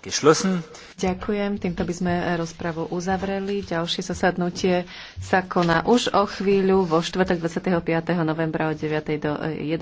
Ďakujem, týmto by sme rozpravu uzavreli. Ďalšie zasadnutie sa koná už o chvíľu vo štvrtok 25. novembra od 9. do 11. Eh,